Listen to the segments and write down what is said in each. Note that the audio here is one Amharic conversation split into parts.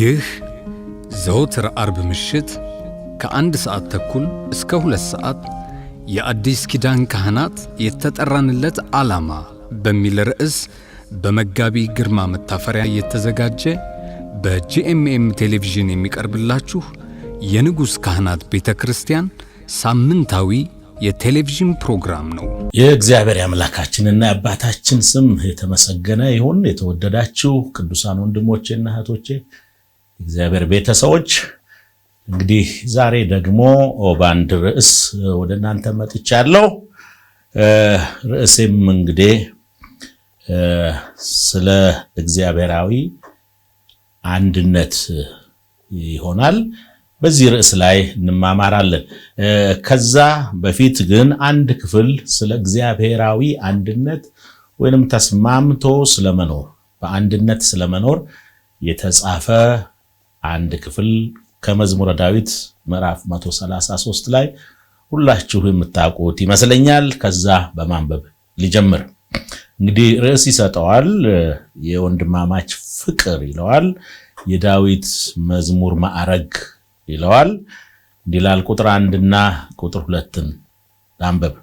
ይህ ዘወትር አርብ ምሽት ከአንድ ሰዓት ተኩል እስከ ሁለት ሰዓት የአዲስ ኪዳን ካህናት የተጠራንለት ዓላማ በሚል ርዕስ በመጋቢ ግርማ መታፈሪያ የተዘጋጀ በጂኤምኤም ቴሌቪዥን የሚቀርብላችሁ የንጉሥ ካህናት ቤተ ክርስቲያን ሳምንታዊ የቴሌቪዥን ፕሮግራም ነው። የእግዚአብሔር አምላካችንና የአባታችን ስም የተመሰገነ ይሁን። የተወደዳችሁ ቅዱሳን ወንድሞቼና እህቶቼ እግዚአብሔር ቤተሰቦች እንግዲህ ዛሬ ደግሞ በአንድ ርዕስ ወደ እናንተ መጥቻለሁ። ርዕሴም እንግዲህ ስለ እግዚአብሔራዊ አንድነት ይሆናል። በዚህ ርዕስ ላይ እንማማራለን። ከዛ በፊት ግን አንድ ክፍል ስለ እግዚአብሔራዊ አንድነት ወይንም ተስማምቶ ስለመኖር በአንድነት ስለመኖር የተጻፈ አንድ ክፍል ከመዝሙረ ዳዊት ምዕራፍ 133 ላይ ሁላችሁ የምታውቁት ይመስለኛል። ከዛ በማንበብ ሊጀምር እንግዲህ ርዕስ ይሰጠዋል። የወንድማማች ፍቅር ይለዋል። የዳዊት መዝሙር ማዕረግ ይለዋል። እንዲላል ቁጥር አንድና ቁጥር ሁለትን ላንበብ።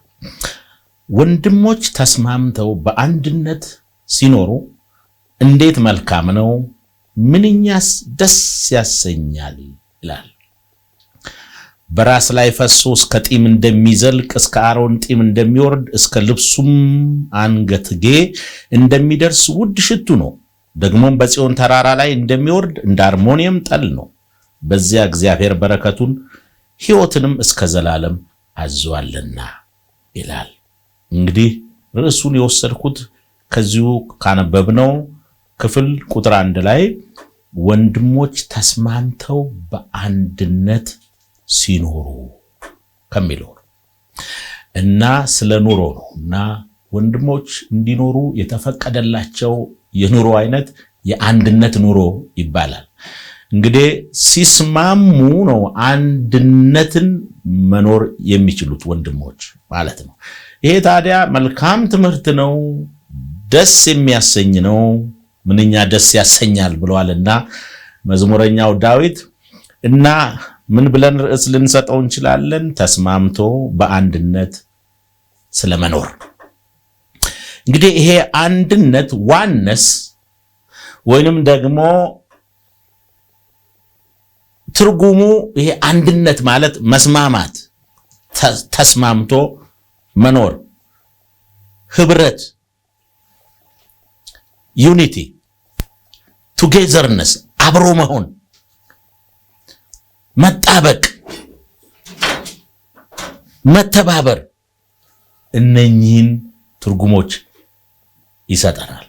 ወንድሞች ተስማምተው በአንድነት ሲኖሩ እንዴት መልካም ነው ምንኛስ ደስ ያሰኛል ይላል። በራስ ላይ ፈሶ እስከ ጢም እንደሚዘልቅ እስከ አሮን ጢም እንደሚወርድ እስከ ልብሱም አንገትጌ እንደሚደርስ ውድ ሽቱ ነው። ደግሞም በጽዮን ተራራ ላይ እንደሚወርድ እንደ አርሞኒየም ጠል ነው። በዚያ እግዚአብሔር በረከቱን ሕይወትንም እስከ ዘላለም አዟልና ይላል። እንግዲህ ርዕሱን የወሰድኩት ከዚሁ ካነበብነው ክፍል ቁጥር አንድ ላይ ወንድሞች ተስማምተው በአንድነት ሲኖሩ ከሚለው ነው እና ስለ ኑሮ ነው እና ወንድሞች እንዲኖሩ የተፈቀደላቸው የኑሮ አይነት የአንድነት ኑሮ ይባላል። እንግዲህ ሲስማሙ ነው አንድነትን መኖር የሚችሉት ወንድሞች ማለት ነው። ይሄ ታዲያ መልካም ትምህርት ነው፣ ደስ የሚያሰኝ ነው። ምንኛ ደስ ያሰኛል ብለዋልና መዝሙረኛው ዳዊት እና ምን ብለን ርዕስ ልንሰጠው እንችላለን? ተስማምቶ በአንድነት ስለመኖር። እንግዲህ ይሄ አንድነት ዋነስ ወይንም ደግሞ ትርጉሙ ይሄ አንድነት ማለት መስማማት፣ ተስማምቶ መኖር፣ ህብረት፣ ዩኒቲ ቱጌዘርነስ አብሮ መሆን መጣበቅ መተባበር እነኚህን ትርጉሞች ይሰጠናል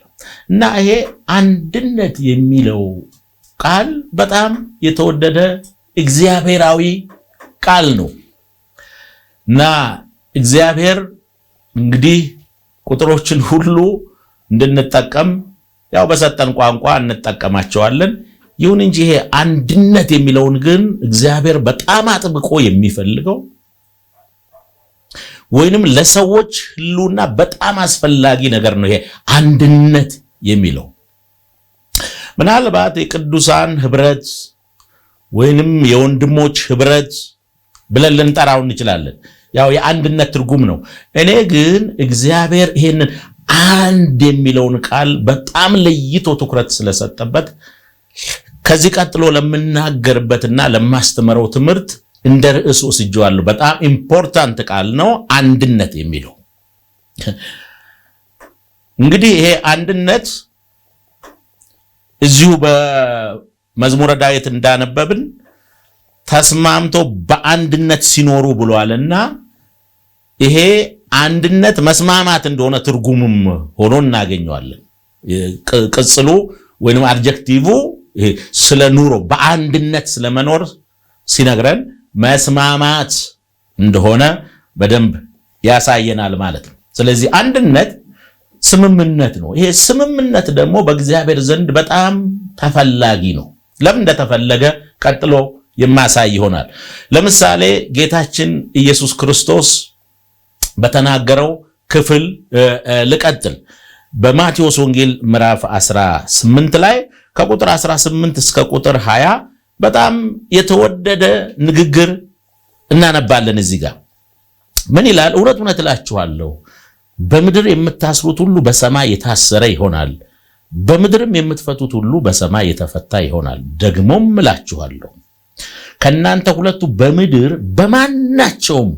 እና ይሄ አንድነት የሚለው ቃል በጣም የተወደደ እግዚአብሔራዊ ቃል ነው እና እግዚአብሔር እንግዲህ ቁጥሮችን ሁሉ እንድንጠቀም ያው በሰጠን ቋንቋ እንጠቀማቸዋለን። ይሁን እንጂ ይሄ አንድነት የሚለውን ግን እግዚአብሔር በጣም አጥብቆ የሚፈልገው ወይንም ለሰዎች ሕልውና በጣም አስፈላጊ ነገር ነው። ይሄ አንድነት የሚለው ምናልባት የቅዱሳን ህብረት ወይንም የወንድሞች ህብረት ብለን ልንጠራው እንችላለን። ያው የአንድነት ትርጉም ነው። እኔ ግን እግዚአብሔር ይሄንን አንድ የሚለውን ቃል በጣም ለይቶ ትኩረት ስለሰጠበት ከዚህ ቀጥሎ ለምናገርበትና ለማስተምረው ትምህርት እንደ ርዕስ ወስጄዋለሁ። በጣም ኢምፖርታንት ቃል ነው አንድነት የሚለው። እንግዲህ ይሄ አንድነት እዚሁ በመዝሙረ ዳዊት እንዳነበብን ተስማምቶ በአንድነት ሲኖሩ ብሏልና ይሄ አንድነት መስማማት እንደሆነ ትርጉምም ሆኖ እናገኘዋለን። ቅጽሉ ወይም አድጀክቲቭ ስለ ኑሮ በአንድነት ስለመኖር ሲነግረን መስማማት እንደሆነ በደንብ ያሳየናል ማለት ነው። ስለዚህ አንድነት ስምምነት ነው። ይሄ ስምምነት ደግሞ በእግዚአብሔር ዘንድ በጣም ተፈላጊ ነው። ለምን እንደተፈለገ ቀጥሎ የማሳይ ይሆናል። ለምሳሌ ጌታችን ኢየሱስ ክርስቶስ በተናገረው ክፍል ልቀጥል። በማቴዎስ ወንጌል ምዕራፍ 18 ላይ ከቁጥር 18 እስከ ቁጥር 20 በጣም የተወደደ ንግግር እናነባለን። እዚህ ጋር ምን ይላል? እውነት እውነት እላችኋለሁ በምድር የምታስሩት ሁሉ በሰማይ የታሰረ ይሆናል፣ በምድርም የምትፈቱት ሁሉ በሰማይ የተፈታ ይሆናል። ደግሞም እላችኋለሁ ከእናንተ ሁለቱ በምድር በማናቸውም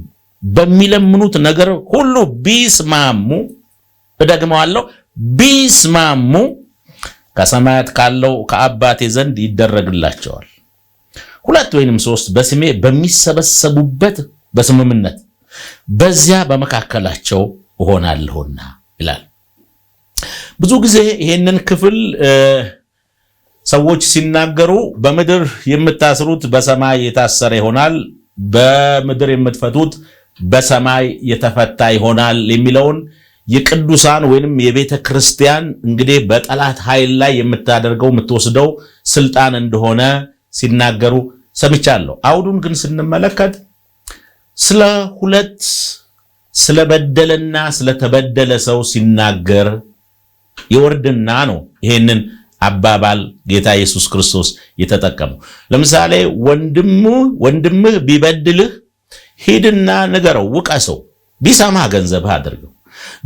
በሚለምኑት ነገር ሁሉ ቢስማሙ እደግመዋለሁ፣ ቢስማሙ ከሰማያት ካለው ከአባቴ ዘንድ ይደረግላቸዋል። ሁለት ወይንም ሶስት በስሜ በሚሰበሰቡበት በስምምነት በዚያ በመካከላቸው እሆናለሁና ይላል። ብዙ ጊዜ ይህንን ክፍል ሰዎች ሲናገሩ በምድር የምታስሩት በሰማይ የታሰረ ይሆናል፣ በምድር የምትፈቱት በሰማይ የተፈታ ይሆናል የሚለውን የቅዱሳን ወይንም የቤተ ክርስቲያን እንግዲህ በጠላት ኃይል ላይ የምታደርገው የምትወስደው ስልጣን እንደሆነ ሲናገሩ ሰምቻለሁ። አውዱን ግን ስንመለከት ስለ ሁለት ስለበደለና ስለተበደለ ሰው ሲናገር የወርድና ነው ይሄንን አባባል ጌታ ኢየሱስ ክርስቶስ የተጠቀመው። ለምሳሌ ወንድሙ ወንድምህ ቢበድልህ ሂድና ንገረው፣ ውቀሰው። ቢሰማህ ገንዘብህ አድርገው፣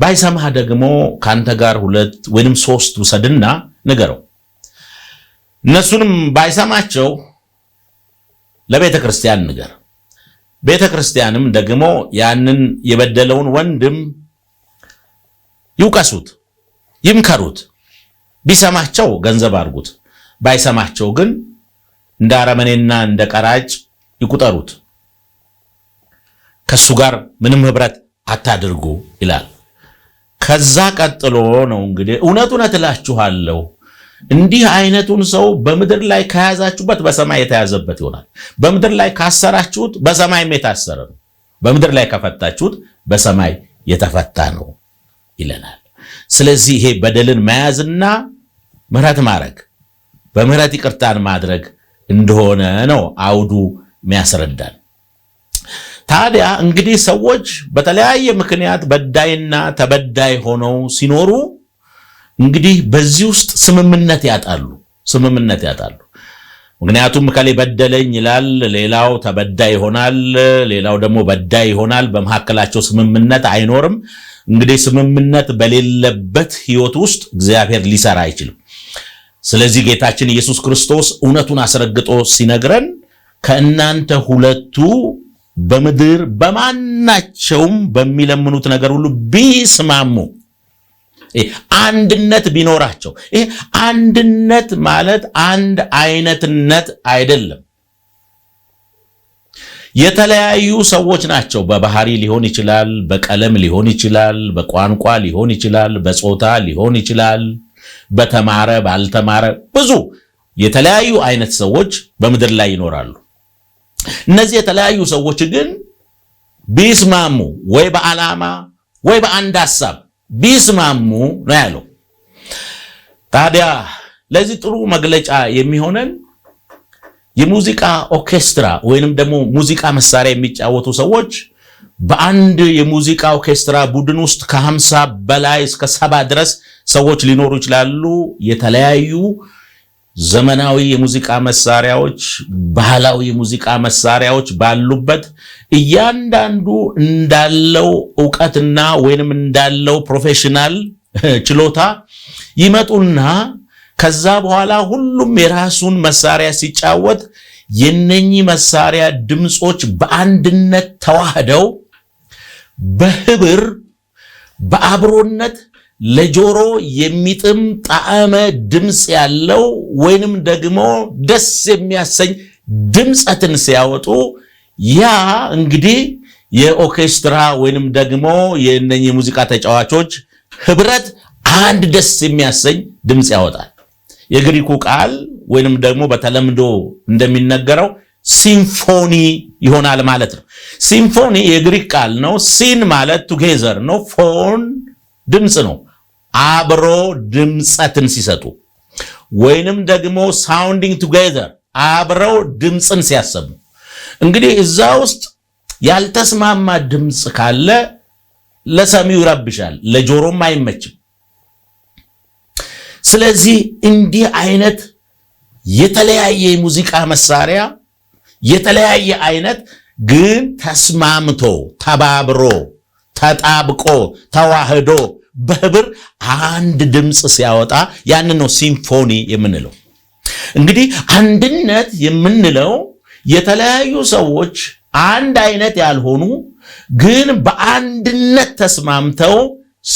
ባይሰማህ ደግሞ ከአንተ ጋር ሁለት ወይንም ሶስት ውሰድና ንገረው። እነሱንም ባይሰማቸው ለቤተ ክርስቲያን ንገር። ቤተ ክርስቲያንም ደግሞ ያንን የበደለውን ወንድም ይውቀሱት፣ ይምከሩት። ቢሰማቸው ገንዘብ አድርጉት፣ ባይሰማቸው ግን እንደ አረመኔና እንደ ቀራጭ ይቁጠሩት። ከሱ ጋር ምንም ህብረት አታድርጉ ይላል። ከዛ ቀጥሎ ነው እንግዲህ እውነት እውነት እላችኋለሁ እንዲህ አይነቱን ሰው በምድር ላይ ከያዛችሁበት በሰማይ የተያዘበት ይሆናል። በምድር ላይ ካሰራችሁት በሰማይም የታሰረ ነው። በምድር ላይ ከፈታችሁት በሰማይ የተፈታ ነው ይለናል። ስለዚህ ይሄ በደልን መያዝና ምሕረት ማድረግ በምሕረት ይቅርታን ማድረግ እንደሆነ ነው አውዱ የሚያስረዳን። ታዲያ እንግዲህ ሰዎች በተለያየ ምክንያት በዳይና ተበዳይ ሆነው ሲኖሩ እንግዲህ በዚህ ውስጥ ስምምነት ያጣሉ ስምምነት ያጣሉ። ምክንያቱም ከሌ በደለኝ ይላል፣ ሌላው ተበዳይ ይሆናል፣ ሌላው ደግሞ በዳይ ይሆናል። በመካከላቸው ስምምነት አይኖርም። እንግዲህ ስምምነት በሌለበት ሕይወት ውስጥ እግዚአብሔር ሊሰራ አይችልም። ስለዚህ ጌታችን ኢየሱስ ክርስቶስ እውነቱን አስረግጦ ሲነግረን ከእናንተ ሁለቱ በምድር በማናቸውም በሚለምኑት ነገር ሁሉ ቢስማሙ አንድነት ቢኖራቸው። ይሄ አንድነት ማለት አንድ አይነትነት አይደለም። የተለያዩ ሰዎች ናቸው። በባህሪ ሊሆን ይችላል፣ በቀለም ሊሆን ይችላል፣ በቋንቋ ሊሆን ይችላል፣ በጾታ ሊሆን ይችላል፣ በተማረ ባልተማረ፣ ብዙ የተለያዩ አይነት ሰዎች በምድር ላይ ይኖራሉ። እነዚህ የተለያዩ ሰዎች ግን ቢስማሙ ወይ በዓላማ ወይ በአንድ ሀሳብ ቢስማሙ ነው ያለው። ታዲያ ለዚህ ጥሩ መግለጫ የሚሆነን የሙዚቃ ኦርኬስትራ ወይንም ደግሞ ሙዚቃ መሳሪያ የሚጫወቱ ሰዎች በአንድ የሙዚቃ ኦርኬስትራ ቡድን ውስጥ ከ50 በላይ እስከ ሰባ ድረስ ሰዎች ሊኖሩ ይችላሉ የተለያዩ ዘመናዊ የሙዚቃ መሳሪያዎች፣ ባህላዊ የሙዚቃ መሳሪያዎች ባሉበት እያንዳንዱ እንዳለው እውቀትና ወይንም እንዳለው ፕሮፌሽናል ችሎታ ይመጡና ከዛ በኋላ ሁሉም የራሱን መሳሪያ ሲጫወት የነኚህ መሳሪያ ድምፆች በአንድነት ተዋህደው በህብር በአብሮነት ለጆሮ የሚጥም ጣዕመ ድምፅ ያለው ወይንም ደግሞ ደስ የሚያሰኝ ድምፀትን ሲያወጡ ያ እንግዲህ የኦርኬስትራ ወይንም ደግሞ የነ የሙዚቃ ተጫዋቾች ህብረት አንድ ደስ የሚያሰኝ ድምፅ ያወጣል። የግሪኩ ቃል ወይንም ደግሞ በተለምዶ እንደሚነገረው ሲምፎኒ ይሆናል ማለት ነው። ሲምፎኒ የግሪክ ቃል ነው። ሲን ማለት ቱጌዘር ነው። ፎን ድምፅ ነው። አብሮ ድምፀትን ሲሰጡ ወይንም ደግሞ ሳውንዲንግ ቱጌዘር አብረው ድምፅን ሲያሰሙ እንግዲህ እዛ ውስጥ ያልተስማማ ድምፅ ካለ ለሰሚው ይረብሻል፣ ለጆሮም አይመችም። ስለዚህ እንዲህ አይነት የተለያየ የሙዚቃ መሳሪያ የተለያየ አይነት ግን ተስማምቶ ተባብሮ ተጣብቆ ተዋህዶ በህብር አንድ ድምፅ ሲያወጣ ያንን ነው ሲምፎኒ የምንለው። እንግዲህ አንድነት የምንለው የተለያዩ ሰዎች አንድ አይነት ያልሆኑ ግን በአንድነት ተስማምተው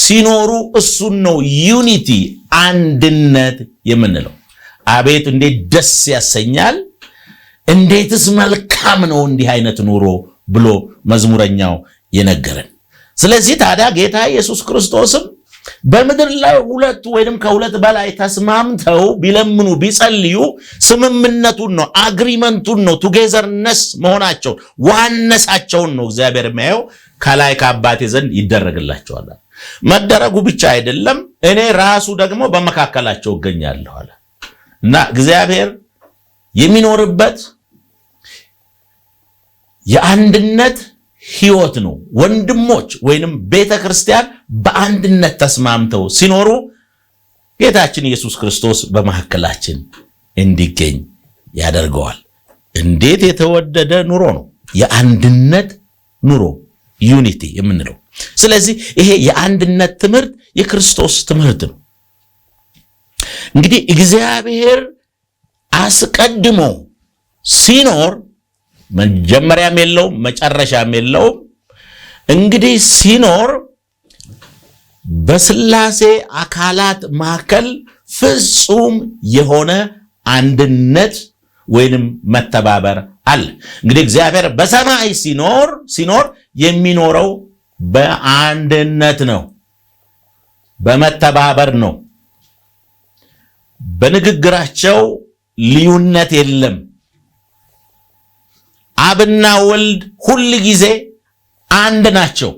ሲኖሩ እሱን ነው ዩኒቲ አንድነት የምንለው። አቤት እንዴት ደስ ያሰኛል! እንዴትስ መልካም ነው እንዲህ አይነት ኑሮ ብሎ መዝሙረኛው የነገረን ስለዚህ ታዲያ ጌታ ኢየሱስ ክርስቶስም በምድር ላይ ሁለት ወይም ከሁለት በላይ ተስማምተው ቢለምኑ ቢጸልዩ ስምምነቱን ነው አግሪመንቱን ነው ቱጌዘርነስ መሆናቸውን ዋነሳቸውን ነው እግዚአብሔር የሚያየው። ከላይ ከአባቴ ዘንድ ይደረግላቸዋል። መደረጉ ብቻ አይደለም፣ እኔ ራሱ ደግሞ በመካከላቸው እገኛለሁ አለ እና እግዚአብሔር የሚኖርበት የአንድነት ህይወት ነው። ወንድሞች ወይንም ቤተ ክርስቲያን በአንድነት ተስማምተው ሲኖሩ ጌታችን ኢየሱስ ክርስቶስ በመካከላችን እንዲገኝ ያደርገዋል። እንዴት የተወደደ ኑሮ ነው! የአንድነት ኑሮ ዩኒቲ የምንለው። ስለዚህ ይሄ የአንድነት ትምህርት የክርስቶስ ትምህርት ነው። እንግዲህ እግዚአብሔር አስቀድሞ ሲኖር መጀመሪያም የለውም መጨረሻም የለውም። እንግዲህ ሲኖር በስላሴ አካላት መካከል ፍጹም የሆነ አንድነት ወይንም መተባበር አለ። እንግዲህ እግዚአብሔር በሰማይ ሲኖር ሲኖር የሚኖረው በአንድነት ነው፣ በመተባበር ነው። በንግግራቸው ልዩነት የለም። አብና ወልድ ሁል ጊዜ አንድ ናቸው።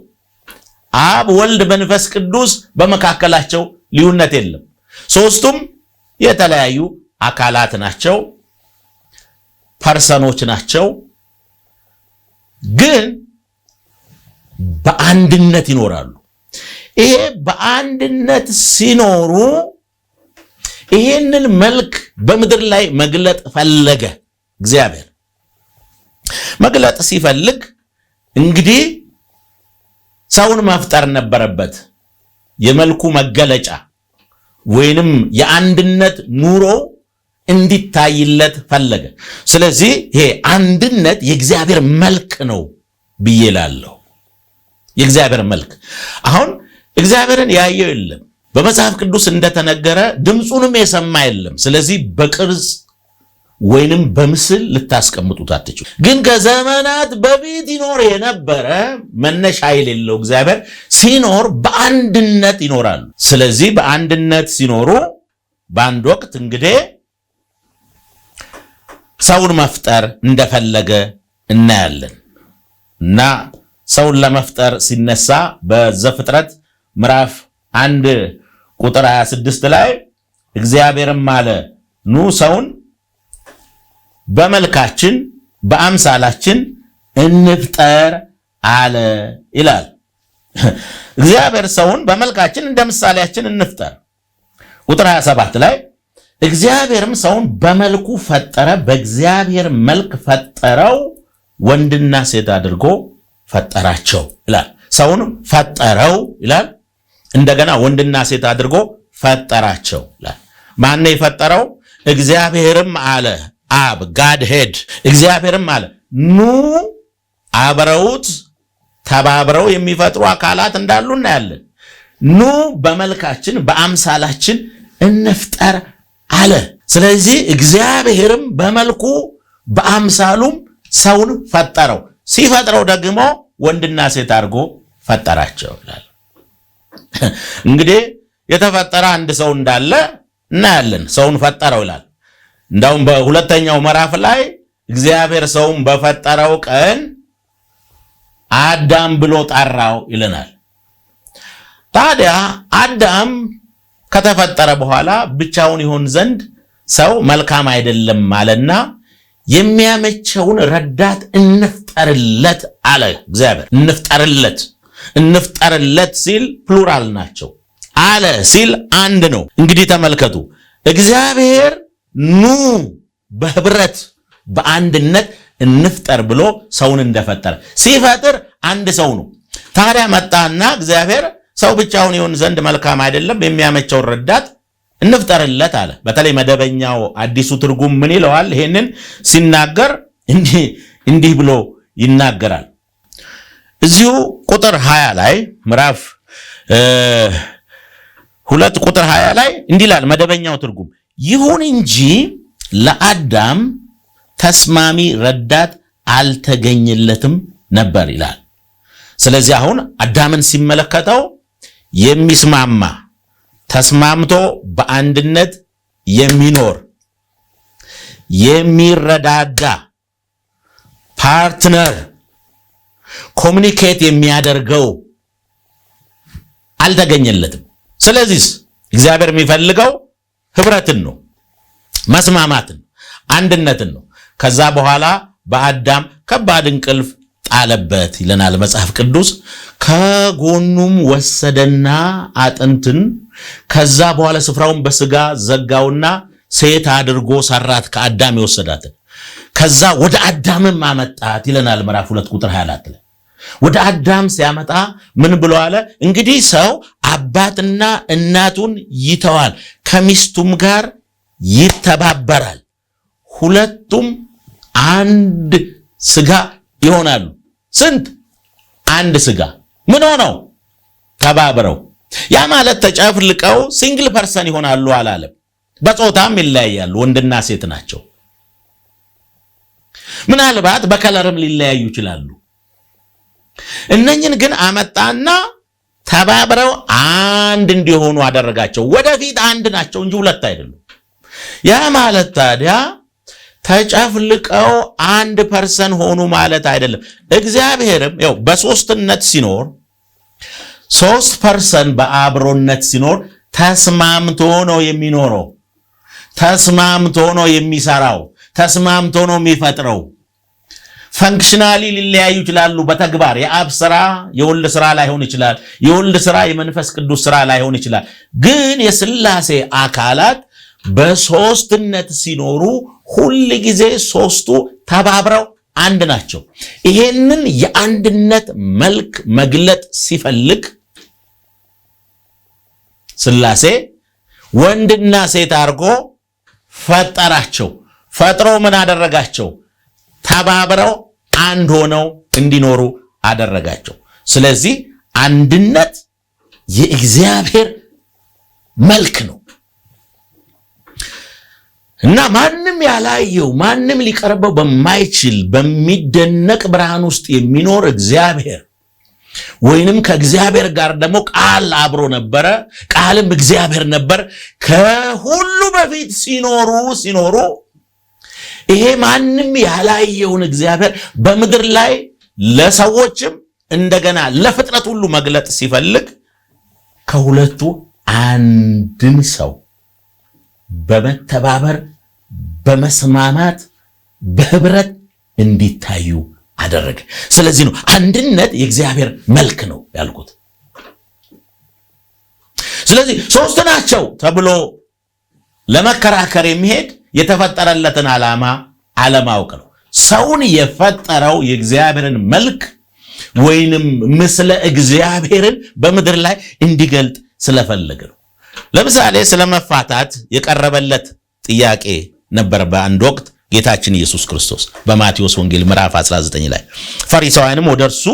አብ፣ ወልድ፣ መንፈስ ቅዱስ በመካከላቸው ልዩነት የለም። ሶስቱም የተለያዩ አካላት ናቸው፣ ፐርሰኖች ናቸው፣ ግን በአንድነት ይኖራሉ። ይሄ በአንድነት ሲኖሩ ይሄንን መልክ በምድር ላይ መግለጥ ፈለገ እግዚአብሔር። መግለጥ ሲፈልግ እንግዲህ ሰውን መፍጠር ነበረበት። የመልኩ መገለጫ ወይንም የአንድነት ኑሮ እንዲታይለት ፈለገ። ስለዚህ ይሄ አንድነት የእግዚአብሔር መልክ ነው ብዬ እላለሁ። የእግዚአብሔር መልክ አሁን እግዚአብሔርን ያየው የለም። በመጽሐፍ ቅዱስ እንደተነገረ ድምፁንም የሰማ የለም። ስለዚህ በቅርጽ ወይንም በምስል ልታስቀምጡት አትችሉ። ግን ከዘመናት በፊት ይኖር የነበረ መነሻ የሌለው እግዚአብሔር ሲኖር በአንድነት ይኖራሉ። ስለዚህ በአንድነት ሲኖሩ በአንድ ወቅት እንግዲህ ሰውን መፍጠር እንደፈለገ እናያለን እና ሰውን ለመፍጠር ሲነሳ በዘፍጥረት ምዕራፍ አንድ ቁጥር 26 ላይ እግዚአብሔርም አለ ኑ ሰውን በመልካችን በአምሳላችን እንፍጠር አለ ይላል። እግዚአብሔር ሰውን በመልካችን እንደ ምሳሌያችን እንፍጠር። ቁጥር 27 ላይ እግዚአብሔርም ሰውን በመልኩ ፈጠረ፣ በእግዚአብሔር መልክ ፈጠረው፣ ወንድና ሴት አድርጎ ፈጠራቸው ይላል። ሰውን ፈጠረው ይላል። እንደገና ወንድና ሴት አድርጎ ፈጠራቸው ይላል። ማነው የፈጠረው? እግዚአብሔርም አለ አብ ጋድ ሄድ እግዚአብሔርም አለ ኑ አብረውት ተባብረው የሚፈጥሩ አካላት እንዳሉ እናያለን። ኑ በመልካችን በአምሳላችን እንፍጠር አለ። ስለዚህ እግዚአብሔርም በመልኩ በአምሳሉም ሰውን ፈጠረው። ሲፈጥረው ደግሞ ወንድና ሴት አድርጎ ፈጠራቸው ይላል። እንግዲህ የተፈጠረ አንድ ሰው እንዳለ እናያለን። ሰውን ፈጠረው ይላል። እንዳውም በሁለተኛው ምዕራፍ ላይ እግዚአብሔር ሰውን በፈጠረው ቀን አዳም ብሎ ጠራው ይለናል። ታዲያ አዳም ከተፈጠረ በኋላ ብቻውን ይሆን ዘንድ ሰው መልካም አይደለም አለና የሚያመቸውን ረዳት እንፍጠርለት አለ እግዚአብሔር። እንፍጠርለት እንፍጠርለት ሲል ፕሉራል ናቸው። አለ ሲል አንድ ነው። እንግዲህ ተመልከቱ እግዚአብሔር ኑ በህብረት በአንድነት እንፍጠር ብሎ ሰውን እንደፈጠረ ሲፈጥር አንድ ሰው ነው። ታዲያ መጣና እግዚአብሔር ሰው ብቻውን ይሁን ዘንድ መልካም አይደለም፣ የሚያመቸውን ረዳት እንፍጠርለት አለ። በተለይ መደበኛው አዲሱ ትርጉም ምን ይለዋል? ይሄንን ሲናገር እንዲህ ብሎ ይናገራል። እዚሁ ቁጥር 20 ላይ ምዕራፍ ሁለት ቁጥር 20 ላይ እንዲህ ይላል መደበኛው ትርጉም ይሁን እንጂ ለአዳም ተስማሚ ረዳት አልተገኘለትም ነበር ይላል። ስለዚህ አሁን አዳምን ሲመለከተው የሚስማማ ተስማምቶ በአንድነት የሚኖር የሚረዳዳ ፓርትነር ኮሚኒኬት የሚያደርገው አልተገኘለትም። ስለዚህ እግዚአብሔር የሚፈልገው ህብረትን ነው፣ መስማማትን ነው፣ አንድነትን ነው። ከዛ በኋላ በአዳም ከባድ እንቅልፍ ጣለበት ይለናል መጽሐፍ ቅዱስ። ከጎኑም ወሰደና አጥንትን ከዛ በኋላ ስፍራውን በስጋ ዘጋውና ሴት አድርጎ ሰራት ከአዳም የወሰዳትን ከዛ ወደ አዳምም አመጣት ይለናል ምዕራፍ ሁለት ቁጥር 24 ላይ ወደ አዳም ሲያመጣ ምን ብሎ አለ? እንግዲህ ሰው አባትና እናቱን ይተዋል፣ ከሚስቱም ጋር ይተባበራል፣ ሁለቱም አንድ ስጋ ይሆናሉ። ስንት? አንድ ስጋ። ምን ሆነው? ተባብረው። ያ ማለት ተጨፍልቀው ሲንግል ፐርሰን ይሆናሉ አላለም። በጾታም ይለያያሉ፣ ወንድና ሴት ናቸው። ምናልባት በከለርም ሊለያዩ ይችላሉ። እነኝን ግን አመጣና ተባብረው አንድ እንዲሆኑ አደረጋቸው። ወደፊት አንድ ናቸው እንጂ ሁለት አይደሉም። ያ ማለት ታዲያ ተጨፍልቀው አንድ ፐርሰን ሆኑ ማለት አይደለም። እግዚአብሔርም ያው በሶስትነት ሲኖር ሶስት ፐርሰን በአብሮነት ሲኖር ተስማምቶ ነው የሚኖረው፣ ተስማምቶ ነው የሚሰራው፣ ተስማምቶ ነው የሚፈጥረው። ፈንክሽናሊ ሊለያዩ ይችላሉ። በተግባር የአብ ስራ የወልድ ስራ ላይሆን ይችላል። የወልድ ስራ የመንፈስ ቅዱስ ስራ ላይሆን ይችላል። ግን የስላሴ አካላት በሶስትነት ሲኖሩ ሁል ጊዜ ሶስቱ ተባብረው አንድ ናቸው። ይሄንን የአንድነት መልክ መግለጥ ሲፈልግ ስላሴ ወንድና ሴት አድርጎ ፈጠራቸው። ፈጥሮ ምን አደረጋቸው? ተባብረው አንድ ሆነው እንዲኖሩ አደረጋቸው። ስለዚህ አንድነት የእግዚአብሔር መልክ ነው እና ማንም ያላየው ማንም ሊቀርበው በማይችል በሚደነቅ ብርሃን ውስጥ የሚኖር እግዚአብሔር ወይንም ከእግዚአብሔር ጋር ደግሞ ቃል አብሮ ነበረ፣ ቃልም እግዚአብሔር ነበር። ከሁሉ በፊት ሲኖሩ ሲኖሩ ይሄ ማንም ያላየውን እግዚአብሔር በምድር ላይ ለሰዎችም እንደገና ለፍጥረት ሁሉ መግለጥ ሲፈልግ ከሁለቱ አንድን ሰው በመተባበር በመስማማት በህብረት እንዲታዩ አደረገ። ስለዚህ ነው አንድነት የእግዚአብሔር መልክ ነው ያልኩት። ስለዚህ ሶስት ናቸው ተብሎ ለመከራከር የሚሄድ የተፈጠረለትን ዓላማ አለማወቅ ነው። ሰውን የፈጠረው የእግዚአብሔርን መልክ ወይንም ምስለ እግዚአብሔርን በምድር ላይ እንዲገልጥ ስለፈለገ ነው። ለምሳሌ ስለ መፋታት የቀረበለት ጥያቄ ነበር በአንድ ወቅት ጌታችን ኢየሱስ ክርስቶስ በማቴዎስ ወንጌል ምዕራፍ 19 ላይ ፈሪሳውያንም ወደ እርሱ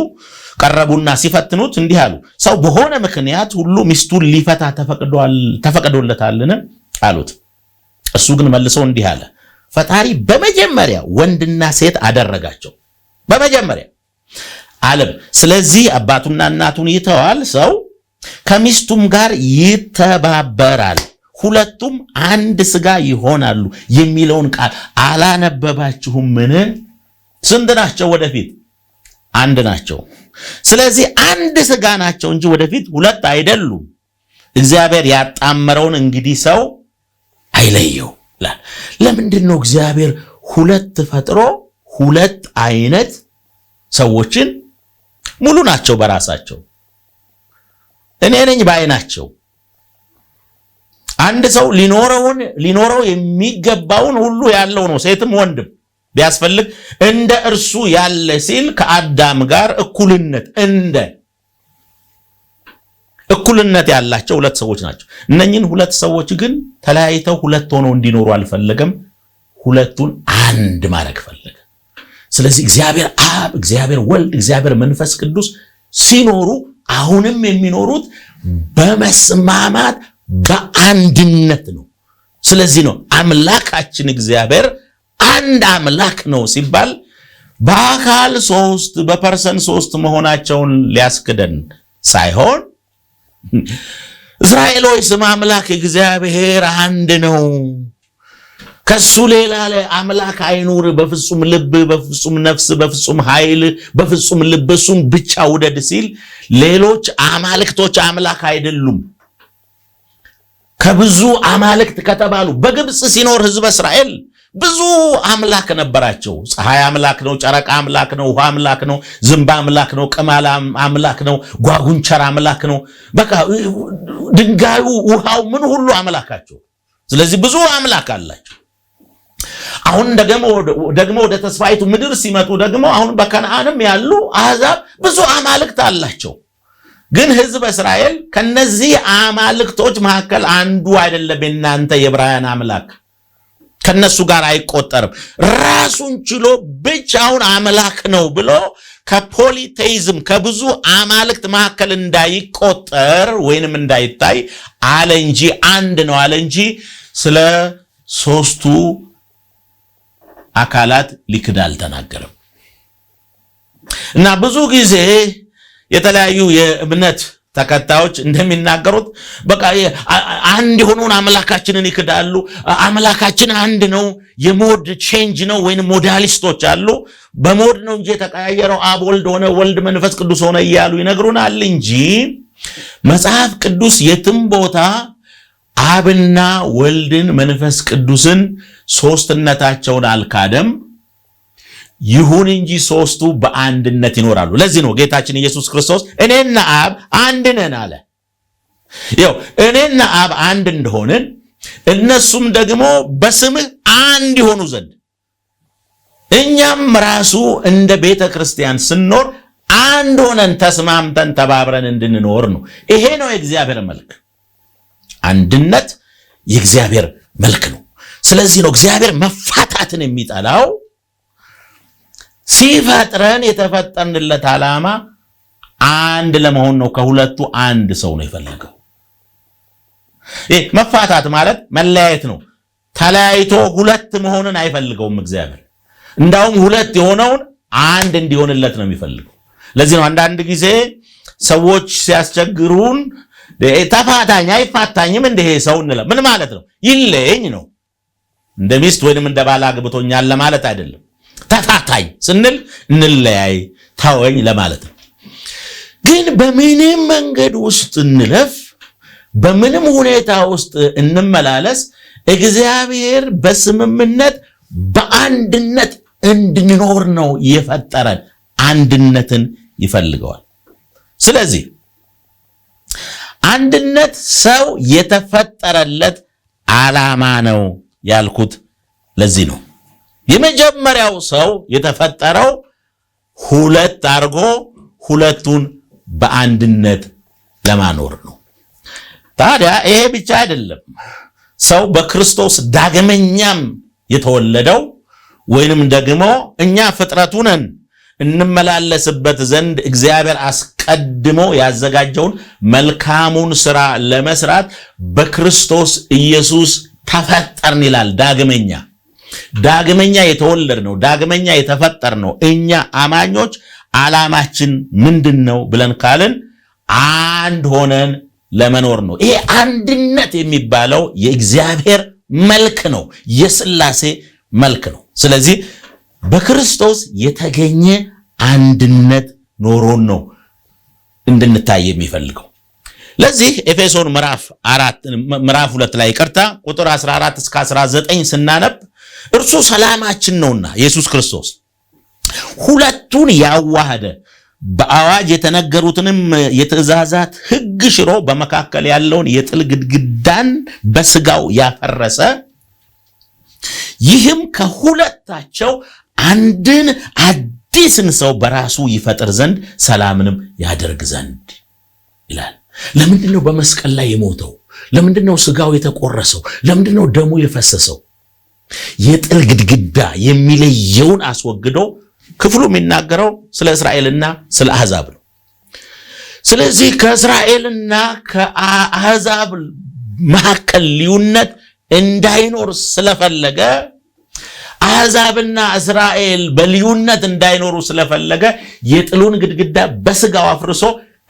ቀረቡና ሲፈትኑት እንዲህ አሉ፣ ሰው በሆነ ምክንያት ሁሉ ሚስቱን ሊፈታ ተፈቅዶለታልን? አሉት። እሱ ግን መልሶ እንዲህ አለ፣ ፈጣሪ በመጀመሪያ ወንድና ሴት አደረጋቸው። በመጀመሪያ አለም። ስለዚህ አባቱና እናቱን ይተዋል፣ ሰው ከሚስቱም ጋር ይተባበራል፣ ሁለቱም አንድ ስጋ ይሆናሉ የሚለውን ቃል አላነበባችሁም? ምን ስንት ናቸው? ወደፊት አንድ ናቸው። ስለዚህ አንድ ስጋ ናቸው እንጂ ወደፊት ሁለት አይደሉም። እግዚአብሔር ያጣመረውን እንግዲህ ሰው አይለየው። ለምንድን ነው እግዚአብሔር ሁለት ፈጥሮ ሁለት አይነት ሰዎችን ሙሉ ናቸው በራሳቸው እኔ ነኝ ባይ አንድ ሰው ሊኖረውን ሊኖረው የሚገባውን ሁሉ ያለው ነው። ሴትም ወንድም ቢያስፈልግ እንደ እርሱ ያለ ሲል ከአዳም ጋር እኩልነት እንደ እኩልነት ያላቸው ሁለት ሰዎች ናቸው። እነኚህን ሁለት ሰዎች ግን ተለያይተው ሁለት ሆነው እንዲኖሩ አልፈለገም። ሁለቱን አንድ ማድረግ ፈለገ። ስለዚህ እግዚአብሔር አብ፣ እግዚአብሔር ወልድ፣ እግዚአብሔር መንፈስ ቅዱስ ሲኖሩ አሁንም የሚኖሩት በመስማማት በአንድነት ነው። ስለዚህ ነው አምላካችን እግዚአብሔር አንድ አምላክ ነው ሲባል በአካል ሶስት በፐርሰን ሶስት መሆናቸውን ሊያስክደን ሳይሆን እስራኤሎች ስም አምላክ እግዚአብሔር አንድ ነው፣ ከሱ ሌላ አምላክ አይኑር፣ በፍጹም ልብ፣ በፍጹም ነፍስ፣ በፍጹም ኃይል፣ በፍጹም ልብ እሱን ብቻ ውደድ ሲል ሌሎች አማልክቶች አምላክ አይደሉም። ከብዙ አማልክት ከተባሉ በግብፅ ሲኖር ህዝበ እስራኤል ብዙ አምላክ ነበራቸው። ፀሐይ አምላክ ነው፣ ጨረቃ አምላክ ነው፣ ውሃ አምላክ ነው፣ ዝንብ አምላክ ነው፣ ቅማል አምላክ ነው፣ ጓጉንቸር አምላክ ነው። በቃ ድንጋዩ፣ ውሃው፣ ምን ሁሉ አምላካቸው። ስለዚህ ብዙ አምላክ አላቸው። አሁን ደግሞ ወደ ተስፋይቱ ምድር ሲመጡ ደግሞ አሁን በከነአንም ያሉ አሕዛብ ብዙ አማልክት አላቸው። ግን ህዝብ እስራኤል ከነዚህ አማልክቶች መካከል አንዱ አይደለም የናንተ የዕብራውያን አምላክ ከነሱ ጋር አይቆጠርም። ራሱን ችሎ ብቻውን አምላክ ነው ብሎ ከፖሊቴይዝም ከብዙ አማልክት መካከል እንዳይቆጠር ወይንም እንዳይታይ አለ እንጂ አንድ ነው አለ እንጂ ስለ ሶስቱ አካላት ሊክድ አልተናገርም። እና ብዙ ጊዜ የተለያዩ የእምነት ተከታዮች እንደሚናገሩት በቃ አንድ የሆነውን አምላካችንን ይክዳሉ። አምላካችን አንድ ነው። የሞድ ቼንጅ ነው ወይም ሞዳሊስቶች አሉ። በሞድ ነው እንጂ የተቀያየረው አብ ወልድ ሆነ፣ ወልድ መንፈስ ቅዱስ ሆነ እያሉ ይነግሩናል እንጂ መጽሐፍ ቅዱስ የትም ቦታ አብና ወልድን መንፈስ ቅዱስን ሶስትነታቸውን አልካደም። ይሁን እንጂ ሶስቱ በአንድነት ይኖራሉ። ለዚህ ነው ጌታችን ኢየሱስ ክርስቶስ እኔና አብ አንድ ነን አለ። ይኸው እኔና አብ አንድ እንደሆንን እነሱም ደግሞ በስምህ አንድ ይሆኑ ዘንድ እኛም ራሱ እንደ ቤተ ክርስቲያን ስንኖር አንድ ሆነን ተስማምተን ተባብረን እንድንኖር ነው። ይሄ ነው የእግዚአብሔር መልክ። አንድነት የእግዚአብሔር መልክ ነው። ስለዚህ ነው እግዚአብሔር መፋታትን የሚጠላው። ሲፈጥረን የተፈጠርንለት ዓላማ አንድ ለመሆን ነው። ከሁለቱ አንድ ሰው ነው የፈለገው። ይህ መፋታት ማለት መለያየት ነው። ተለያይቶ ሁለት መሆንን አይፈልገውም እግዚአብሔር። እንዳውም ሁለት የሆነውን አንድ እንዲሆንለት ነው የሚፈልገው። ለዚህ ነው አንዳንድ ጊዜ ሰዎች ሲያስቸግሩን ተፋታኝ አይፋታኝም እንደ ሰው እንለ ምን ማለት ነው? ይለኝ ነው። እንደ ሚስት ወይንም እንደ ባል አግብቶኛል ለማለት አይደለም። ተፋታኝ ስንል እንለያይ ታወኝ ለማለት ነው። ግን በምንም መንገድ ውስጥ እንለፍ፣ በምንም ሁኔታ ውስጥ እንመላለስ፣ እግዚአብሔር በስምምነት በአንድነት እንድንኖር ነው የፈጠረን። አንድነትን ይፈልገዋል። ስለዚህ አንድነት ሰው የተፈጠረለት ዓላማ ነው ያልኩት ለዚህ ነው። የመጀመሪያው ሰው የተፈጠረው ሁለት አድርጎ ሁለቱን በአንድነት ለማኖር ነው። ታዲያ ይሄ ብቻ አይደለም። ሰው በክርስቶስ ዳግመኛም የተወለደው ወይንም ደግሞ እኛ ፍጥረቱ ነን እንመላለስበት ዘንድ እግዚአብሔር አስቀድሞ ያዘጋጀውን መልካሙን ስራ ለመስራት በክርስቶስ ኢየሱስ ተፈጠርን ይላል ዳግመኛ ዳግመኛ የተወለድ ነው፣ ዳግመኛ የተፈጠር ነው። እኛ አማኞች አላማችን ምንድን ነው ብለን ካልን አንድ ሆነን ለመኖር ነው። ይሄ አንድነት የሚባለው የእግዚአብሔር መልክ ነው፣ የስላሴ መልክ ነው። ስለዚህ በክርስቶስ የተገኘ አንድነት ኖሮን ነው እንድንታይ የሚፈልገው። ለዚህ ኤፌሶን ምዕራፍ አራት ምዕራፍ ሁለት ላይ ይቅርታ ቁጥር 14 እስከ 19 ስናነብ እርሱ ሰላማችን ነውና ኢየሱስ ክርስቶስ ሁለቱን ያዋሃደ በአዋጅ የተነገሩትንም የትእዛዛት ሕግ ሽሮ በመካከል ያለውን የጥል ግድግዳን በስጋው ያፈረሰ ይህም ከሁለታቸው አንድን አዲስን ሰው በራሱ ይፈጥር ዘንድ ሰላምንም ያደርግ ዘንድ ይላል። ለምንድን ነው በመስቀል ላይ የሞተው? ለምንድን ነው ስጋው የተቆረሰው? ለምንድን ነው ደሙ የፈሰሰው? የጥል ግድግዳ የሚለየውን አስወግዶ ክፍሉ የሚናገረው ስለ እስራኤልና ስለ አህዛብ ነው። ስለዚህ ከእስራኤልና ከአህዛብ መካከል ልዩነት እንዳይኖር ስለፈለገ አህዛብና እስራኤል በልዩነት እንዳይኖሩ ስለፈለገ የጥሉን ግድግዳ በስጋው አፍርሶ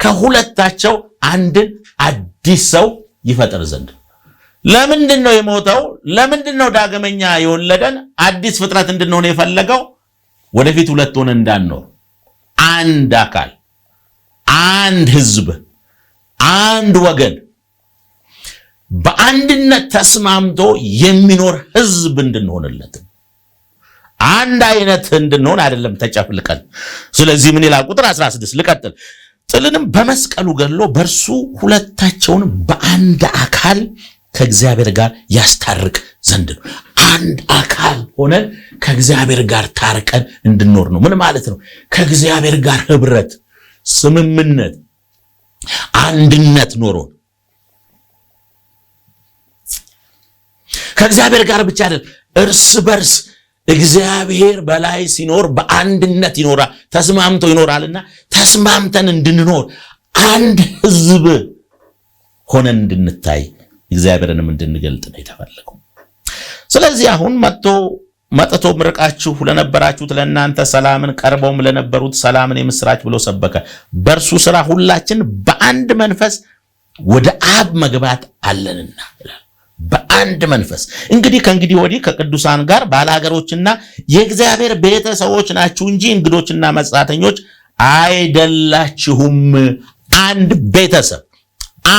ከሁለታቸው አንድን አዲስ ሰው ይፈጠር ዘንድ ለምንድን ነው የሞተው? ለምንድን ነው ዳግመኛ የወለደን? አዲስ ፍጥረት እንድንሆን የፈለገው ወደፊት ሁለት ሆነ እንዳንኖር፣ አንድ አካል፣ አንድ ህዝብ፣ አንድ ወገን፣ በአንድነት ተስማምቶ የሚኖር ህዝብ እንድንሆንለት፣ አንድ አይነት እንድንሆን አይደለም ተጨፍልቀን። ስለዚህ ምን ይላል? ቁጥር 16 ልቀጥል። ጥልንም በመስቀሉ ገድሎ በእርሱ ሁለታቸውን በአንድ አካል ከእግዚአብሔር ጋር ያስታርቅ ዘንድ ነው። አንድ አካል ሆነን ከእግዚአብሔር ጋር ታርቀን እንድኖር ነው። ምን ማለት ነው? ከእግዚአብሔር ጋር ህብረት፣ ስምምነት፣ አንድነት ኖሮን ከእግዚአብሔር ጋር ብቻ አይደል፣ እርስ በርስ እግዚአብሔር በላይ ሲኖር በአንድነት ይኖራል፣ ተስማምቶ ይኖራልና ተስማምተን እንድንኖር አንድ ህዝብ ሆነን እንድንታይ እግዚአብሔርንም እንድንገልጥ ነው የተፈለገው። ስለዚህ አሁን መጥቶ መጥቶ ምርቃችሁ ለነበራችሁት ለእናንተ ሰላምን ቀርበውም ለነበሩት ሰላምን የምስራች ብሎ ሰበከ። በእርሱ ስራ ሁላችን በአንድ መንፈስ ወደ አብ መግባት አለንና በአንድ መንፈስ እንግዲህ ከእንግዲህ ወዲህ ከቅዱሳን ጋር ባለሀገሮችና የእግዚአብሔር ቤተሰቦች ናችሁ እንጂ እንግዶችና መጻተኞች አይደላችሁም። አንድ ቤተሰብ፣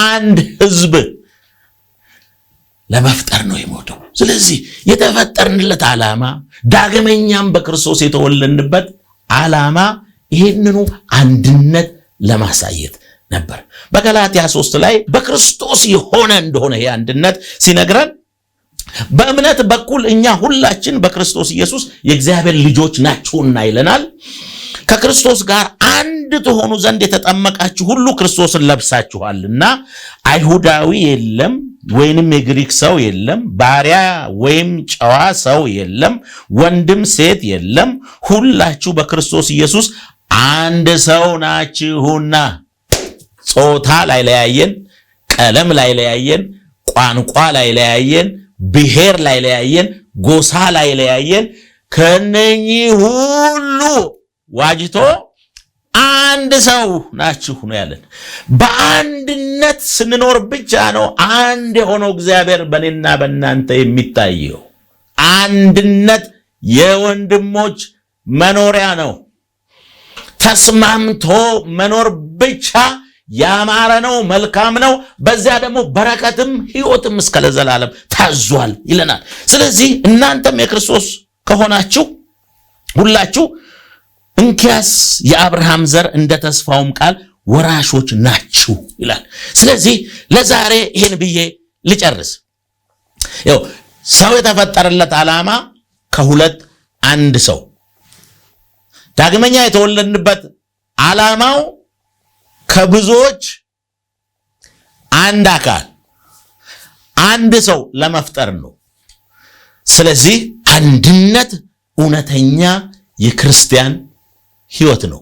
አንድ ህዝብ። ለመፍጠር ነው የሞተው። ስለዚህ የተፈጠርንለት ዓላማ ዳግመኛም በክርስቶስ የተወለድንበት ዓላማ ይህንኑ አንድነት ለማሳየት ነበር። በገላትያ ሶስት ላይ በክርስቶስ የሆነ እንደሆነ ይህ አንድነት ሲነግረን በእምነት በኩል እኛ ሁላችን በክርስቶስ ኢየሱስ የእግዚአብሔር ልጆች ናችሁና ይለናል። ከክርስቶስ ጋር አንድ ትሆኑ ዘንድ የተጠመቃችሁ ሁሉ ክርስቶስን ለብሳችኋልና፣ አይሁዳዊ የለም ወይንም የግሪክ ሰው የለም፣ ባሪያ ወይም ጨዋ ሰው የለም፣ ወንድም ሴት የለም፣ ሁላችሁ በክርስቶስ ኢየሱስ አንድ ሰው ናችሁና። ጾታ ላይለያየን፣ ቀለም ላይለያየን፣ ቋንቋ ላይለያየን ብሔር ላይ ለያየን፣ ጎሳ ላይ ለያየን። ከነኚህ ሁሉ ዋጅቶ አንድ ሰው ናችሁ ነው ያለን። በአንድነት ስንኖር ብቻ ነው አንድ የሆነው እግዚአብሔር በእኔና በእናንተ የሚታየው። አንድነት የወንድሞች መኖሪያ ነው። ተስማምቶ መኖር ብቻ ያማረ ነው፣ መልካም ነው። በዚያ ደግሞ በረከትም ህይወትም እስከ ለዘላለም ታዟል ይለናል። ስለዚህ እናንተም የክርስቶስ ከሆናችሁ ሁላችሁ እንኪያስ የአብርሃም ዘር እንደ ተስፋውም ቃል ወራሾች ናችሁ ይላል። ስለዚህ ለዛሬ ይህን ብዬ ልጨርስ። ያው ሰው የተፈጠረለት ዓላማ ከሁለት አንድ ሰው ዳግመኛ የተወለድንበት ዓላማው ከብዙዎች አንድ አካል አንድ ሰው ለመፍጠር ነው። ስለዚህ አንድነት እውነተኛ የክርስቲያን ህይወት ነው።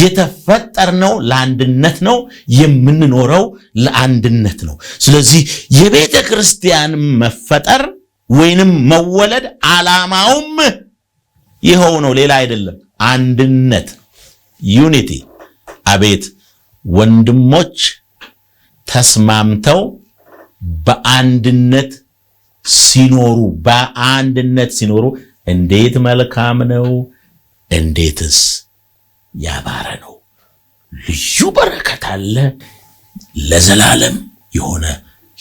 የተፈጠርነው ለአንድነት ነው። የምንኖረው ለአንድነት ነው። ስለዚህ የቤተ ክርስቲያን መፈጠር ወይንም መወለድ ዓላማውም ይኸው ነው፣ ሌላ አይደለም። አንድነት ዩኒቲ አቤት ወንድሞች ተስማምተው በአንድነት ሲኖሩ በአንድነት ሲኖሩ እንዴት መልካም ነው! እንዴትስ ያባረ ነው! ልዩ በረከት አለ። ለዘላለም የሆነ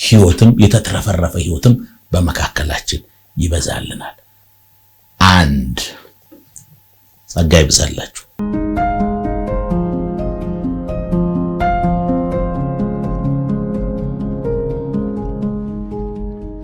ሕይወትም የተትረፈረፈ ሕይወትም በመካከላችን ይበዛልናል። አንድ ጸጋ ይብዛላችሁ።